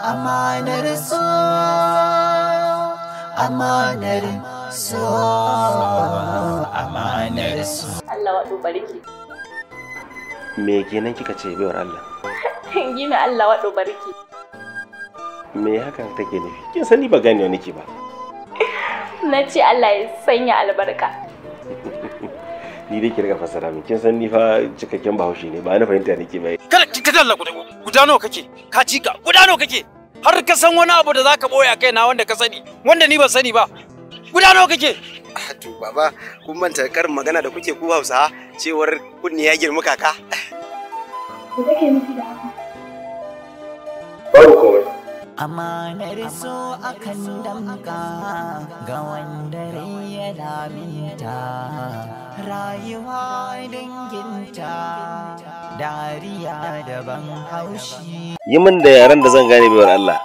amanar so amanar Allah waɗo me kenan kika ce Allah Allah waɗo me hakan take nufi kin ba gane ba na Allah ya sanya albarka ni dai ki riga fassara min kin san ni fa cikakken bahaushe ne ba na fahimta nake bai kada ki ka dalla gudu gudano kake ka ci ka gudano kake har ka san wani abu da zaka boya kai na wanda ka sani wanda ni ban sani ba gudano kake to baba kun manta kar magana da kuke ku Hausa cewar kunni ya girma kaka ko kake nufi da haka amanar so akan damka ga wanda ya laminta rayuwa danginta dariya daban haushi yi min da yaren da zan gane baiwar Allah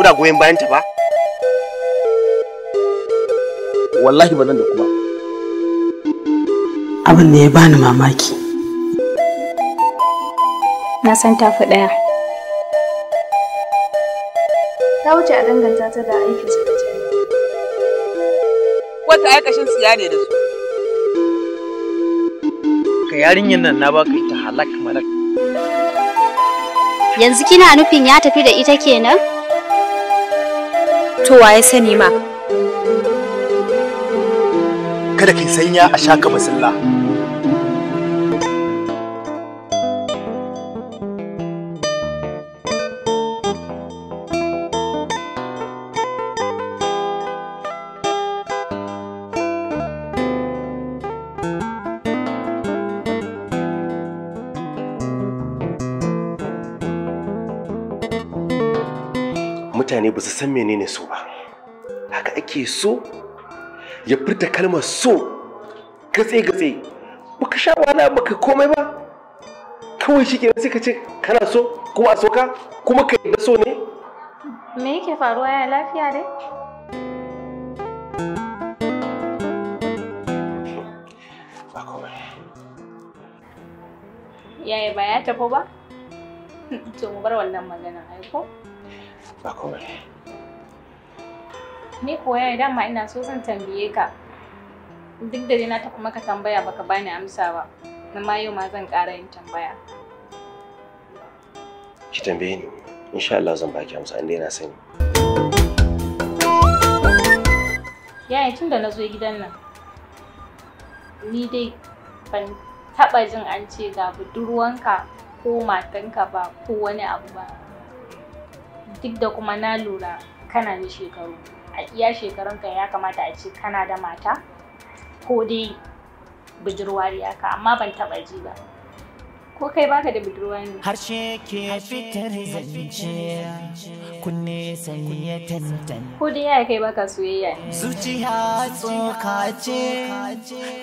kuna goyon ta ba wallahi ba nan da kuma abin da ya bani mamaki na san tafi daya ta wuce a danganta ta da aiki su da jami'a. Wata aikashin siya ne da su. Ka yarinyar nan na yi ita halak malak. Yanzu kina nufin ya tafi da ita kenan? To waye sani ma. Kada ki sanya a shaka masalla. ba su san menene so ba haka ake so ya furta kalmar so gatse-gatse baka sha wahala baka komai ba kawai shi kenan sai ka ce kana so kuma a soka kuma ka yi so ne me yake faruwa ya lafiya dai yaya ba ya tafi ba to mu bar wannan maganar aiko ba komai ni kuwa idan ma ina so zan tambaye ka duk da na tafi maka tambaya baka bani amsa ba na ma yau ma zan ƙara yin tambaya ki tambaye ni insha Allah zan baki amsa inda yana sani yaya tun da na zo gidan nan ni dai ban taɓa jin an ce ga budurwanka ko matanka ba ko wani abu ba duk da kuma na lura kana ni shekaru a iya shekarunka ya kamata a ce kana da mata ko dai budurwa da amma ban taba ji ba ko kai baka da budurwa ne harshe ke fitar zance kunne sai ya tantan ko dai ya kai baka soyayya ne zuciya tsoka ce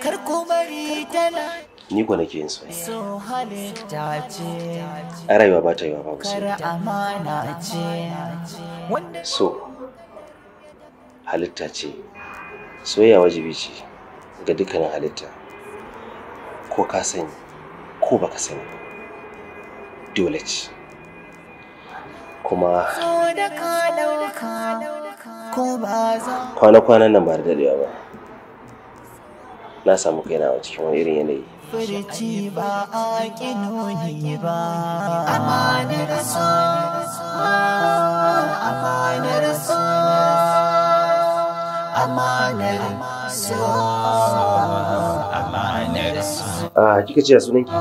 kar ku bari tana ni ko nake yin soyayya a rayuwa ba ta yi wa babu soyayya so halitta ce soyayya wajibi ce ga dukkanin halitta ko ka sani ko baka sani dole ce kuma kwana-kwanan nan ba da dadewa ba na samu kaina a cikin wani irin yanayi furci ba a ƙinoni ba amanar su, amanar su, amanar su, amanar su. a kika ce sunanki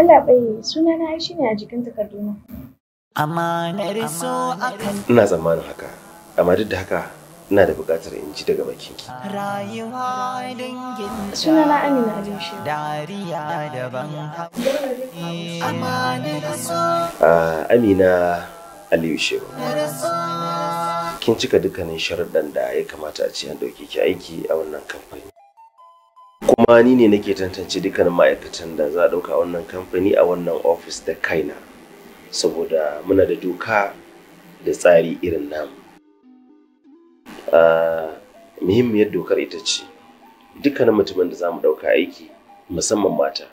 Allah bai sunana shi ne a jikin takarduna amanar so akan ina tsammanin haka amma duk da haka ina da buƙatar in ji daga bakin ki. Rayuwa dangin Suna na Amina Adin shi. Dariya daban. Eh. Amina Aliyu Shehu. Kin cika dukkanin sharuɗan da ya kamata a ce an ɗauke ki aiki a wannan kamfani. Kuma ni ne nake tantance dukkanin ma'aikatan da za a ɗauka wannan kamfani a wannan ofis da kaina. Saboda muna da doka da tsari irin namu. Ah, muhimmiyar dokar ita ce dukkanin mutumin da za mu ɗauka aiki musamman mata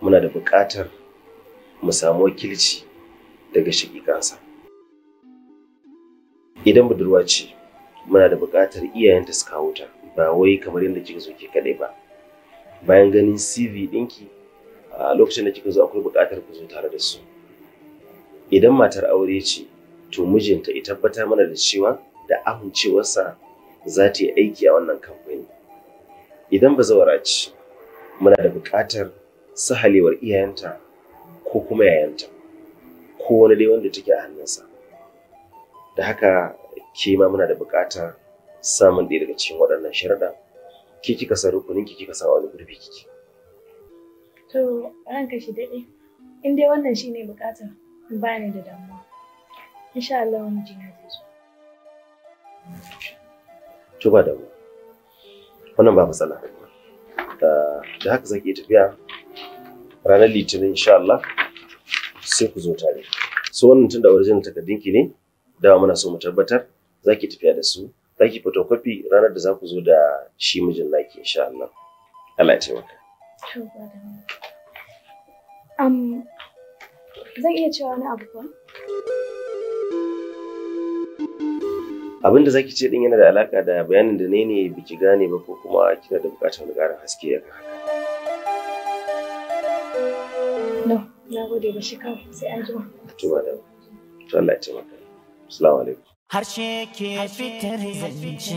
muna da buƙatar mu samu wakilci daga shigigansa idan budurwa ce muna da buƙatar iyayenta su kawo ta ba wai kamar yadda kika zo ke kaɗai ba bayan ganin cv ɗinki a lokacin da kika zo akwai buƙatar ku zo tare da su idan matar aure ce to mijinta ya tabbatar mana da cewa da amincewarsa za ta yi aiki a wannan kamfani. Idan ba zawara ce, muna da buƙatar sahalewar iyayenta ko kuma yayanta, ko wani dai wanda take a hannunsa. Da haka ke ma muna da buƙatar samun ɗaya daga cikin waɗannan sharaɗa. Ke kika sa rukunin ki kika sa wani gurbi kike. To ranka shi daɗe, in dai wannan shine buƙatar ba ni da damuwa. Insha Allah wani jina zai zo. to ba da wannan ba matsala da haka iya tafiya ranar litinin insha Allah sai ku zo tare so wannan tunda original takardun ki ne dawa muna so mu tabbatar zaki tafiya da su zaki photocopy ranar da za ku zo da shi mijin naki insha Allah Allah ya taimaka um zan iya cewa wani abu ba abinda zaki ce din yana da alaka da bayanin da nene biki gane ba ko kuma kina da bukatar wani ƙarin haske kan haka no na gode ba shi kawai sai an jima to madam to Allah ya taimaka assalamu alaikum harshe ke fitar zance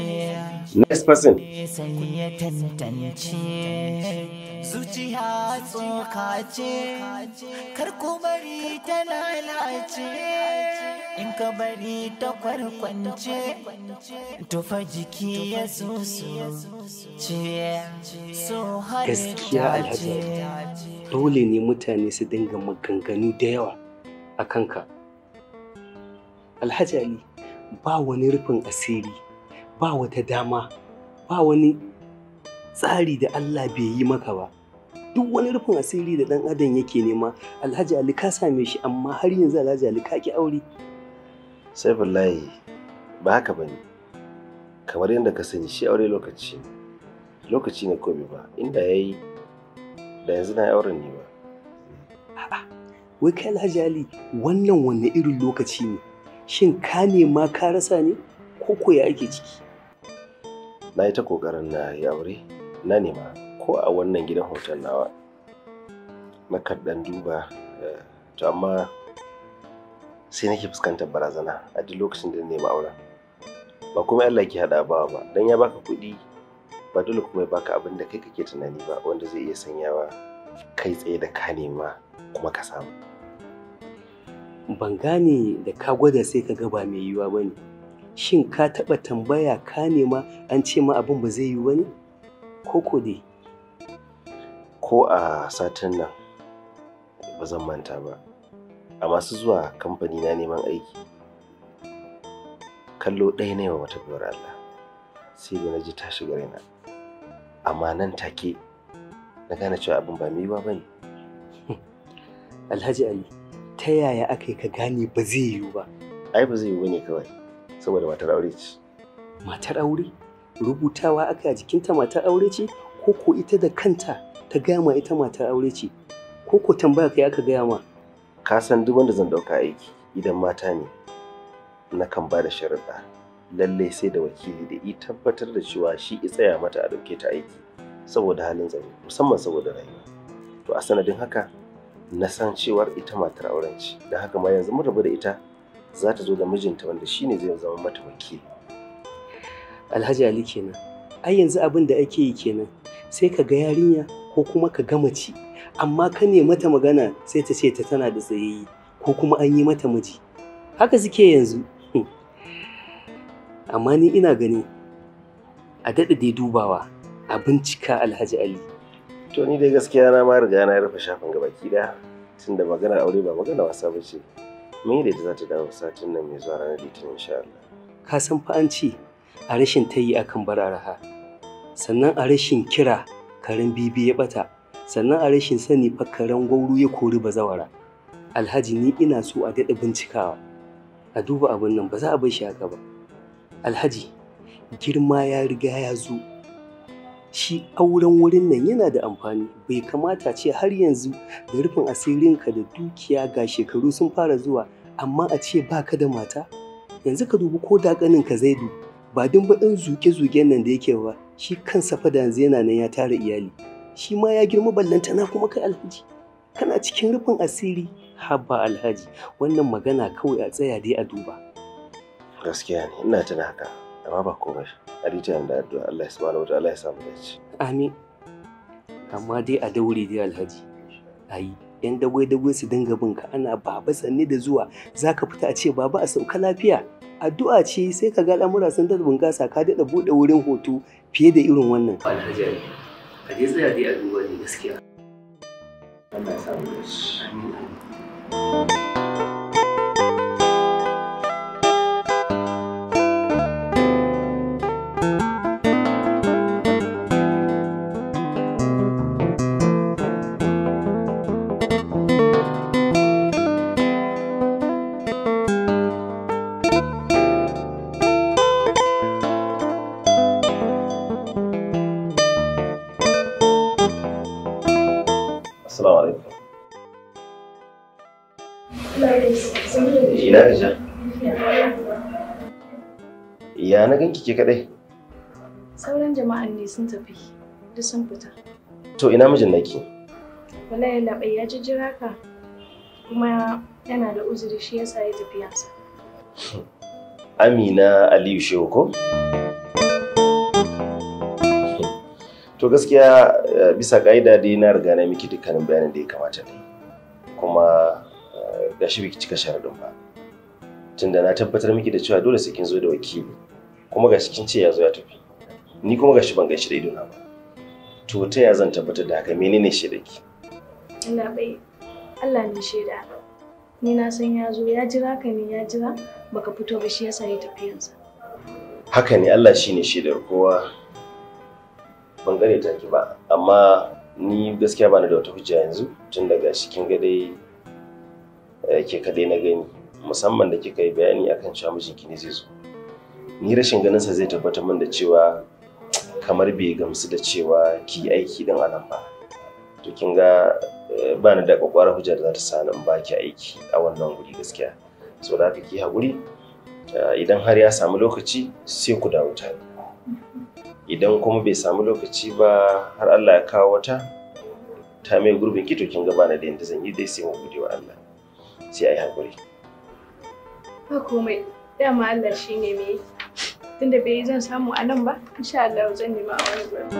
next person sanye tantance zuciya tsoka ce kar ku bari ta lalace in ka bari ta kwarkwance tufa jiki ya susu ce so gaskiya alhaji dole ne mutane su dinga maganganu da yawa a kanka alhaji ali ba wani rufin asiri ba wata dama ba wani tsari da Allah bai yi maka ba duk wani rufin asiri da dan adam yake nema alhaji ali ka same shi amma har yanzu alhaji ali ka ki aure sai wallahi ba haka bane kamar yadda ka sani shi aure lokaci lokaci ne ko ba inda yayi da yanzu na auren ne ba a'a wai kai alhaji ali wannan wanne irin lokaci ne shin ka nema ka rasa ne ko ko ake ciki na yi ta kokarin na yi aure na nema ko a wannan gidan hoton nawa na kaddan duba eh, to amma sai nake fuskantar barazana a duk lokacin da nema auren ba kuma Allah ke hada ba ba dan ya baka kuɗi ba dole kuma ya baka abin da kai kake tunani ba wanda zai iya sanyawa kai tsaye da ka nema kuma ka samu ban gane da ka gwada sai ka ga ba mai yiwuwa ba ne shin ka taɓa tambaya ka nema an ce ma abin ba zai yi ba ko ko dai ko a satin nan ba zan manta ba a masu zuwa kamfani na neman aiki kallo ɗaya ne wa wata biyar Allah sai da na ji tashi gare raina amma nan take na gane cewa abin ba mai yiwuwa ba ne alhaji ali ta yaya aka yi ka gane ba zai yiwu ba ai ba zai yiwu ne kawai saboda matar aure ce matar aure rubutawa aka a jikinta matar aure ce ko ko ita da kanta ta gaya ma ita matar aure ce ko ko tambaya kai aka gaya ma ka san duk wanda zan ɗauka aiki idan mata ne na kan ba da sharuɗa lallai sai da wakili da i tabbatar da cewa shi i tsaya mata a ɗauke ta aiki saboda halin tsaro musamman saboda rayuwa to a sanadin haka na san cewar ita matar auren ce don haka ma yanzu mun rabu da ita za ta zo da mijinta wanda shine zai zama mata wakili alhaji ali kenan ai yanzu abin da ake yi kenan sai ka ga yarinya ko kuma ka ga mace amma ka ne mata magana sai ta ce ta tana da tsayayyi ko kuma an yi mata miji haka suke yanzu amma ni ina gani a daɗa dai dubawa a bincika alhaji ali to ni dai gaskiya na ma riga na rufe shafin gaba ki da tunda maganar aure ba magana wasa ba ce me da za ta dawo satin nan mai zuwa ranar litinin insha Allah ka san fa an ci a rashin tayi akan bararaha sannan a rashin kira karen bibi ya bata sannan a rashin sani fa karen gwauru ya kori bazawara alhaji ni ina so a daɗa bincikawa a duba abin nan ba za a bar shi haka ba alhaji girma ya riga ya zo shi auren wurin nan yana da amfani bai kamata ce har yanzu da rufin asirinka da dukiya ga shekaru sun fara zuwa amma a ce baka da mata yanzu ka dubi ko da ka zai zaidu ba din baɗin zuke-zuke nan da yake ba shi kan safa da yanzu yana nan ya tara iyali shi ma ya girma ballantana kuma kai alhaji kana cikin rufin asiri habba alhaji wannan magana kawai a tsaya dai a duba gaskiya ne ina tana haka amma ba komai a rijiyar da addu'a Allah ya subhanahu wa ta'ala ya samu dace amin amma dai a daure dai alhaji ayi yan dagwai dagwai su dinga bin ka ana baba sanni da zuwa zaka fita a ce baba a sauka lafiya addu'a ce sai ka ga al'amura sun da bunƙasa ka daɗa buɗe wurin hoto fiye da irin wannan alhaji a je tsaya dai a duba ne gaskiya Allah ya samu dace amin Ki ke kadai? Sauran jama'an ne sun tafi, duk sun fita. To ina mijin naki? Wallahi bai ya jijjira ka kuma yana da uzuri shi yasa ya tafi yansa. Amina Aliyu Shehu ko? To gaskiya eh, bisa ka'ida dai na riga na miki dukkanin bayanin da ya kamata ne. Kuma eh, gashi biki cika sharadin ba. Tunda na tabbatar miki da cewa dole sai kin zo da wakili. kuma gashi kin ce ya zo ya tafi ni kuma gashi ban gaishe da idona ba to ta ya zan tabbatar da haka menene ki Allah bai Allah ne shaida ni na san ya zo ya jira ka ne ya jira baka fito ba shi yasa ya tafiyansa haka ne Allah shine shaidar kowa ban gare ta ki ba amma ni gaskiya bani da wata hujja yanzu tun daga cikin gadai eh, ke kaɗai na gani musamman da kika yi bayani akan shamujin ki ne zai zo ni rashin ganin sa zai tabbatar min da cewa kamar bai gamsu da cewa ki aiki din nan ba to kin ga eh, ba ni da kwakwara hujjar za ta sani in ki aiki a wannan guri gaskiya so da ka ki haƙuri eh, idan har ya samu lokaci sai ku dawo tare idan kuma bai samu lokaci ba har Allah ya kawo wata ta mai gurbin ki to kin ga ba ni da yanda zan yi dai sai mu gode wa Allah sai ai haƙuri ba komai dama Allah shine me yake tunda bai zan samu a nan ba insha Allah zan nema a wani gurin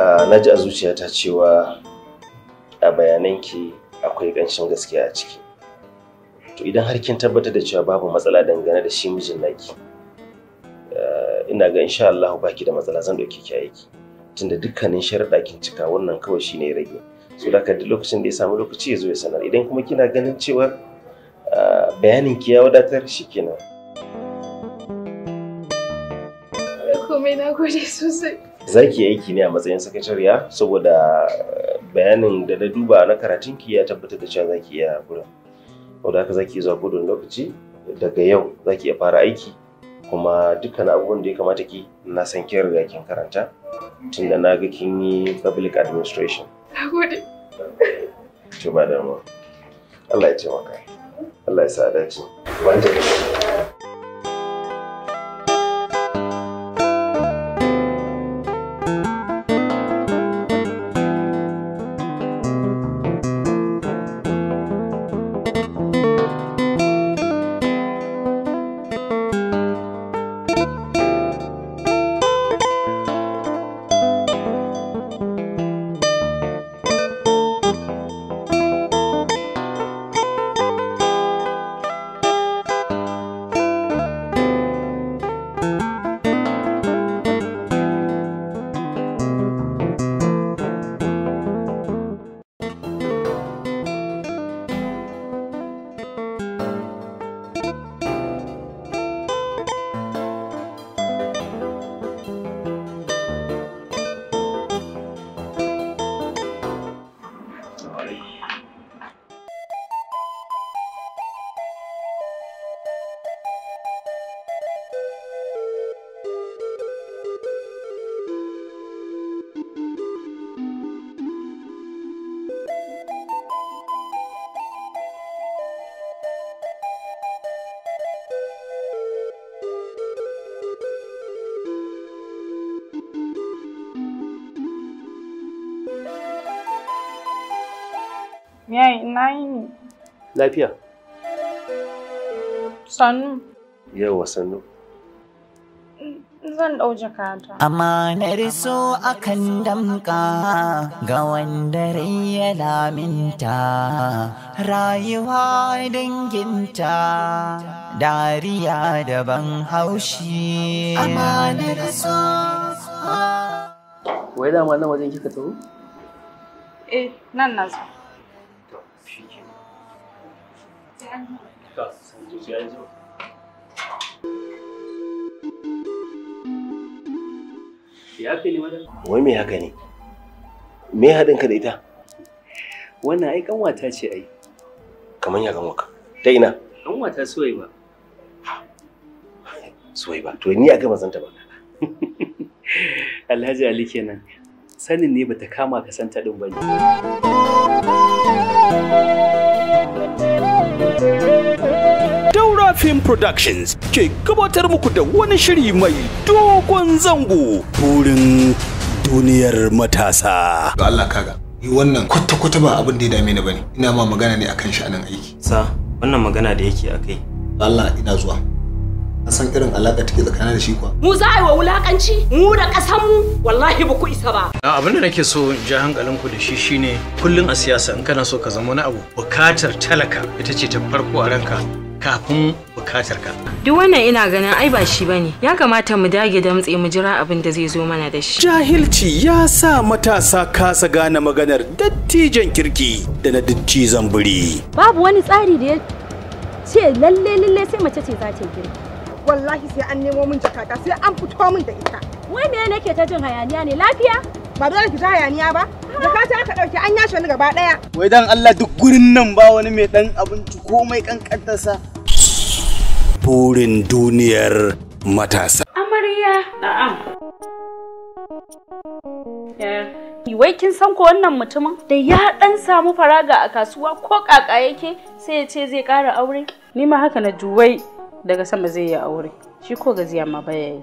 ah, na ji a zuciyata cewa a bayananki akwai ƙanshin gaskiya a ciki to idan har kin tabbatar da cewa babu matsala dangane da shi mijin naki eh, ina ga insha Allah baki da matsala zan dauke ki aiki tunda dukkanin sharuɗa kin cika wannan kawai shine rage so da duk lokacin da ya samu lokaci ya zo ya sanar idan kuma kina ganin cewa eh, bayanin ki ya wadatar shikenan komai na gode sosai za ki aiki ne a matsayin sakatariya saboda eh, bayanin da na duba na karatun ki ya tabbatar da cewa za ki a gurin wadda haka zaki zuwa gudun lokaci daga yau za ki iya fara aiki kuma dukkan abubuwan da ya kamata ki na san kin riga kin karanta tunda na ga kin yi public administration nagode to ba da Allah ya taimaka Allah ya sa dace wanda Yayi ina yini? Lafiya. Sannu. Yawa sannu. Zan ɗau jakata. na riso akan damka ga wanda rai ya laminta, rayuwa danginta, dariya daban haushi. na riso Wai dama na wajen kika taho? Eh, nan na zo. madam? Wai me haka ne? Me haɗin ka da ita? Wannan ai kanwata ce ai. Kamar ya waka. Ta ina? Kanwata Suwaiba. Suwaiba, to ni a gama zanta ba. Alhaji Ali kenan. Sanin ne bata kama ka santa din bane. Film Productions ke gabatar muku da wani shiri mai dogon zango burin duniyar matasa. Ga Allah kaga, yi wannan kwata-kwata ba abin da ya dame ni bane. Ina ma magana ne akan sha'anin aiki. Sa, wannan magana da yake a kai. Allah ina zuwa. Na san irin alaƙa take tsakanin da shi kuwa. Mu za a yi wa wulaƙanci, mu da ƙasanmu wallahi ba ku isa ba. Abin da nake so in ja hankalinku da shi shine kullum a siyasa in kana so ka zama wani abu bukatar talaka ita ce ta farko a ranka kafin bukatar ka. Duk wannan ina ganin ai ba shi bane. Ya kamata mu dage damtse mu jira abin da zai zo mana da shi. Jahilci ya sa matasa kasa gane maganar dattijan kirki da na dattijan biri. Babu wani tsari da ya ce lalle lalle sai mace ce za ta girki. Wallahi sai an nemo min jakata sai an fito min da ita. Wai me nake ta jin hayaniya ne lafiya? Ba dole ki ta hayaniya ba. Jakata aka dauki an yashe ni gaba daya. Wai dan Allah duk gurin nan ba wani mai dan abinci komai kankantarsa. burin duniyar matasa. Amarya. Na'am. kin san ko wannan mutumin da ya ɗan samu faraga a kasuwa ko kaka yake sai ya ce zai ƙara aure? Ni ma haka na juwai daga sama zai yi aure. Shi ko gaziya ma baya yi.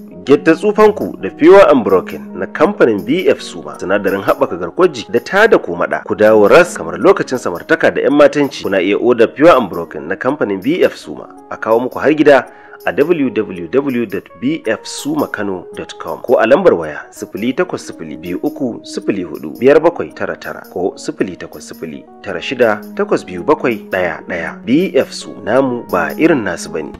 Gidda tsufanku da Pure Unbroken na kamfanin BF Suma sinadarin haɓaka garkuwar jiki da tada komaɗa ku dawo ras kamar lokacin samartaka da 'yan matanci kuna iya oda Pure Unbroken na kamfanin BF Suma a kawo muku har gida a www.bfsumakano.com ko a lambar waya 08023045799 ko ɗaya. BF Su namu ba irin nasu bane.